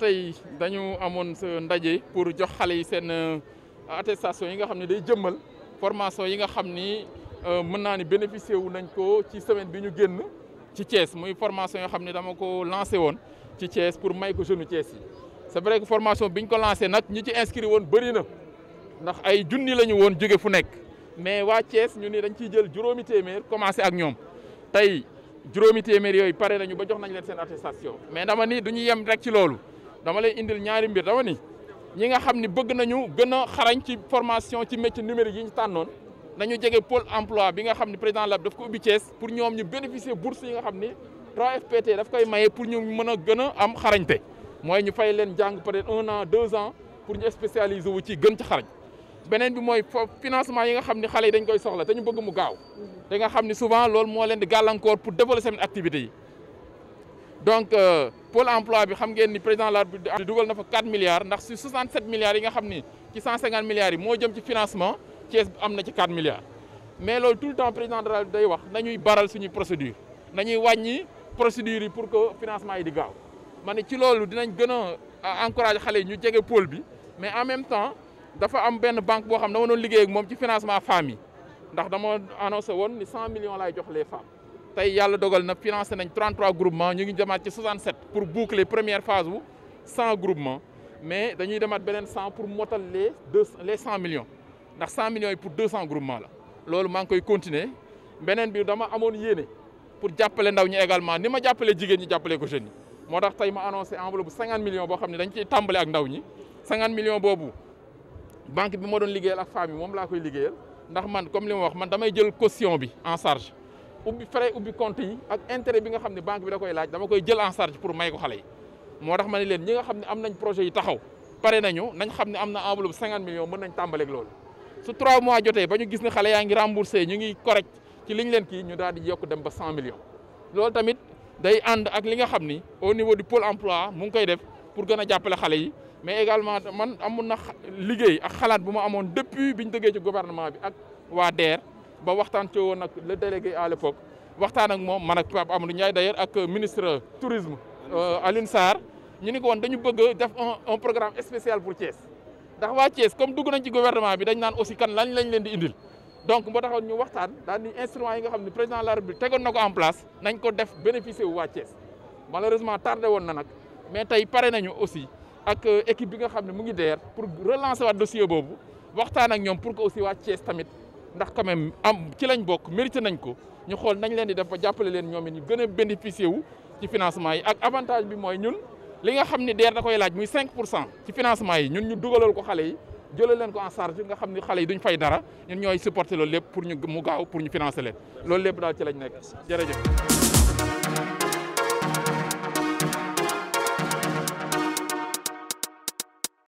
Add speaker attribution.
Speaker 1: tay dañu amone ndaje pour jox xalé yi seen euh, attestation yi nga xamni day jëmmal formation yi nga xamni ni euh, mën ni bénéficier wu nañ ko ci semaine bi ñu genn ci Thiès muy formation yo xamni dama ko lancé won ci Thiès pour may ko jeune Thiès yi c'est vrai que formation biñ ko lancé nak ñu ci inscrit won bari na ndax ay jooni lañu won jogé fu nek mais wa Thiès ñu ni dañ ci jël juróomi téeméer commencé ak ñom tay juróomi téeméer yoy paré nañu ba jox nañ leen sen attestation mais dama ni duñu yem rek ci lolu dama lay indil ñaari mbir dama ni ñi nga xamni bëgg nañu gëna xarañ ci formation ci métier numérique yi ñu tannon nañu jégué pôle emploi bi nga xamni président Lab daf ko ubbi ties pour ñoom ñu bénéficier bourse yi nga xamni 3FPT daf koy mayé pour ñu mëna gëna am xarañté moy ñu fay leen jang peut-être 1 an 2 ans pour ñu spécialiser wu ci gën ci xarañ benen bi moy financement yi nga xamni xalé yi dañ koy soxla té ñu bëgg mu gaaw da nga xamni souvent lool mo leen di gàllankoor pour développer seen activité yi donc euh, pôle emploi bi xam ngeen ni président la bi a 4 milliards ndax 67 milliards il nga a 150 milliards yi sont jëm ci financement Thiès 4 milliards. mais tout le temps le président de la day wax nañuy baral suñu procédure nañuy une procédure pour que le financement soit di gaaw ci dinañ encourager les yi ñu pôle mais en même temps dafa a une banque qui a travaillé dama doon liggéey ak moom ci financement yi ndax dama annoncé 100 millions à jox les femmes tay yalla dogal na financé nañ 33 groupements ñu ngi demaat ci 67 pour boucler première phase bu 100 groupements mais dañuy demat fait 100 pour motal les 100 les 100 millions ndax 100 millions pour 200 groupements la. loolu maa manque koy continuer benen bi dama amone yéene pour jàppale ndaw ñi également Nous ma jigen ñi jàppale ko jeunes yi moo ma annoncé enveloppe de 50 millions pour xamni dañ ci tambalé ak ndaw ñi 50 millions bobu banque bi mo doon liggéeyal ak femme mom la koy liggéeyal ndax man comme li ma wax man damay jël caution bi en charge. ubbi frais ubbi compte yi ak intérêt bi nga xam ne banque bi da koy laaj dama koy jël en charge pour may ko xale yi moo tax ma leen ñi nga xam ne am nañ projet yi taxaw pare nañu nañ xam ne am na enveloppe 50 millions mën nañ tàmbaleeg loolu su 3 mois jotee ba ñu gis ne xale yaa ngi remboursé ñu ngi correct ci liñ leen kii ñu daal di yokk dem ba 100 millions loolu tamit day ànd ak li nga xam ni au niveau du pôle emploi mu ngi koy def pour gën a jàppale xale yi mais également man amoon na liggéey ak xalaat bu mu amoon depuis bi ñu dëggee ci gouvernement bi ak waa DER ba waxtaan ci won nag le délégué à l'époque waxtaan ak mom man ak Pape Amadou Ndiaye d'ailleurs ak ministre tourisme euh, Alioune sar ñu ni ko won dañu bëgg def un programme spécial pour Thiès ndax wa Thiès comme dugg nañ ci gouvernement bi dañ naan aussi kan lañ lañ leen di indil donc mo taxoon ñu waxtaan dal ni instrument yi nga xamni président de la République tégon nako en place nañ ko def bénéficier wa Thiès malheureusement tardé won na nak mais tay paré nañu aussi ak euh, équipe bi nga xamni mu ngi deer pour relancer wa dossier bobu waxtaan ak ñom pour que aussi wa Thiès tamit ndax quand am ci lañ bokk mérité nañ ko ñu xool nañ leen di def ba jàppale leen ñoom it ñu gën a bénéficier wu ci financement yi ak avantage bi mooy ñun li nga xam ne DER da koy laaj muy 5 pour cent ci financement yi ñun ñu dugalal ko xale yi jëlal leen ko en charge nga xam ne xale yi duñ fay dara ñun ñooy supporter loolu lépp pour ñu mu gaaw pour ñu financer leen loolu lépp daal ci lañ nekk jërëjëf.